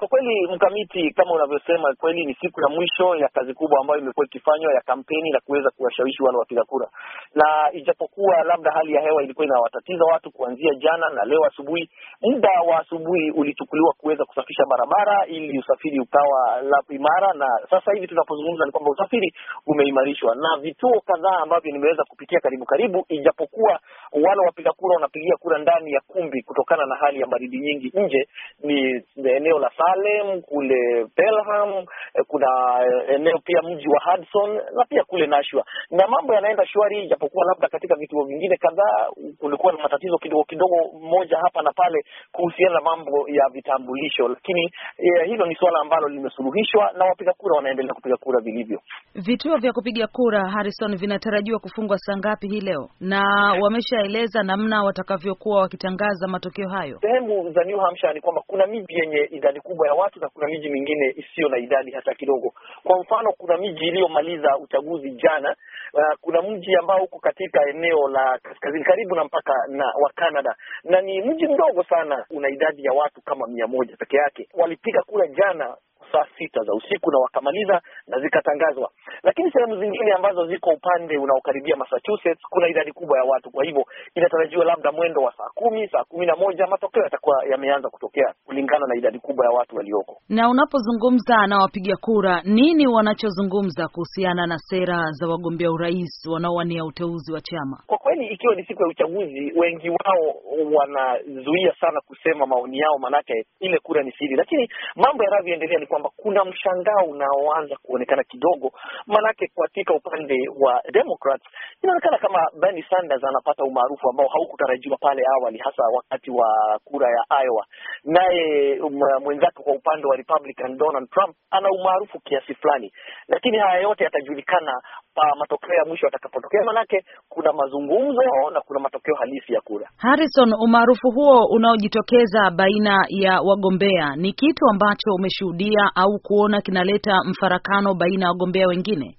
Kwa kweli mkamiti, kama unavyosema, kweli ni siku ya mwisho ya kazi kubwa ambayo imekuwa ikifanywa ya kampeni na kuweza kuwashawishi wale wapiga kura, na ijapokuwa labda hali ya hewa ilikuwa inawatatiza watu kuanzia jana na leo asubuhi, muda wa asubuhi ulichukuliwa kuweza kusafisha barabara ili usafiri ukawa imara, na sasa hivi tunapozungumza ni kwamba usafiri umeimarishwa na vituo kadhaa ambavyo nimeweza kupitia karibu karibu, ijapokuwa wale wapiga kura wanapigia kura ndani ya kumbi kutokana na hali ya baridi nyingi nje, ni eneo la Salem, kule Pelham, eh, kuna eh, eneo pia mji wa Hudson na pia kule Nashua, na mambo yanaenda shwari, japokuwa labda katika vituo vingine kadhaa kulikuwa na matatizo kidogo kidogo moja hapa na pale kuhusiana na mambo ya vitambulisho, lakini eh, hilo ni suala ambalo limesuluhishwa na wapiga kura wanaendelea kupiga kura vilivyo. Vituo vya kupiga kura Harrison, vinatarajiwa kufungwa saa ngapi hii leo? Na wameshaeleza namna watakavyokuwa wakitangaza matokeo hayo. Sehemu za New Hampshire ni kwamba kuna miji yenye idadi kubwa makubwa ya watu na kuna miji mingine isiyo na idadi hata kidogo. Kwa mfano, kuna miji iliyomaliza uchaguzi jana. Uh, kuna mji ambao uko katika eneo la kaskazini karibu na mpaka na wa Canada na ni mji mdogo sana, una idadi ya watu kama mia moja peke yake. Walipiga kura jana saa sita za usiku na wakamaliza na zikatangazwa. Lakini sehemu zingine ambazo ziko upande unaokaribia Massachusetts kuna idadi kubwa ya watu, kwa hivyo inatarajiwa labda mwendo wa saa kumi, saa kumi na moja matokeo yatakuwa yameanza kutokea kulingana na idadi kubwa ya watu walioko. Na unapozungumza na wapiga kura, nini wanachozungumza kuhusiana na sera za wagombea urais wanaowania uteuzi wa chama? Kwa kweli, ikiwa ni siku ya uchaguzi, wengi wao wanazuia sana kusema maoni yao, maanake ile kura ni siri, lakini mambo yanavyoendelea ni kwa kwamba kuna mshangao unaoanza kuonekana kidogo, maanake katika upande wa Democrats inaonekana kama Bernie Sanders anapata umaarufu ambao haukutarajiwa pale awali, hasa wakati wa kura ya Iowa. Naye um, mwenzake kwa upande wa Republican Donald Trump ana umaarufu kiasi fulani, lakini haya yote yatajulikana pa matokeo ya mwisho yatakapotokea, manake kuna mazungumzo na kuna matokeo halisi ya kura. Harrison, umaarufu huo unaojitokeza baina ya wagombea ni kitu ambacho umeshuhudia au kuona kinaleta mfarakano baina ya wagombea wengine?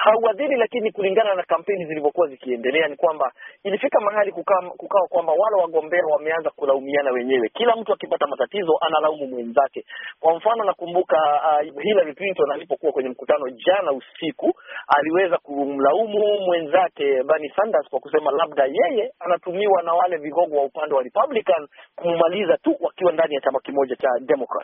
Hauadhiri, lakini kulingana na kampeni zilivyokuwa zikiendelea ni kwamba ilifika mahali kukawa kwamba wale wagombea wameanza kulaumiana wenyewe, kila mtu akipata matatizo analaumu mwenzake. Kwa mfano nakumbuka uh, Hillary Clinton alipokuwa kwenye mkutano jana usiku aliweza kumlaumu mwenzake Bernie Sanders kwa kusema labda yeye anatumiwa na wale vigogo wa upande wa Republican kumaliza tu wakiwa ndani ya chama kimoja cha Democrat.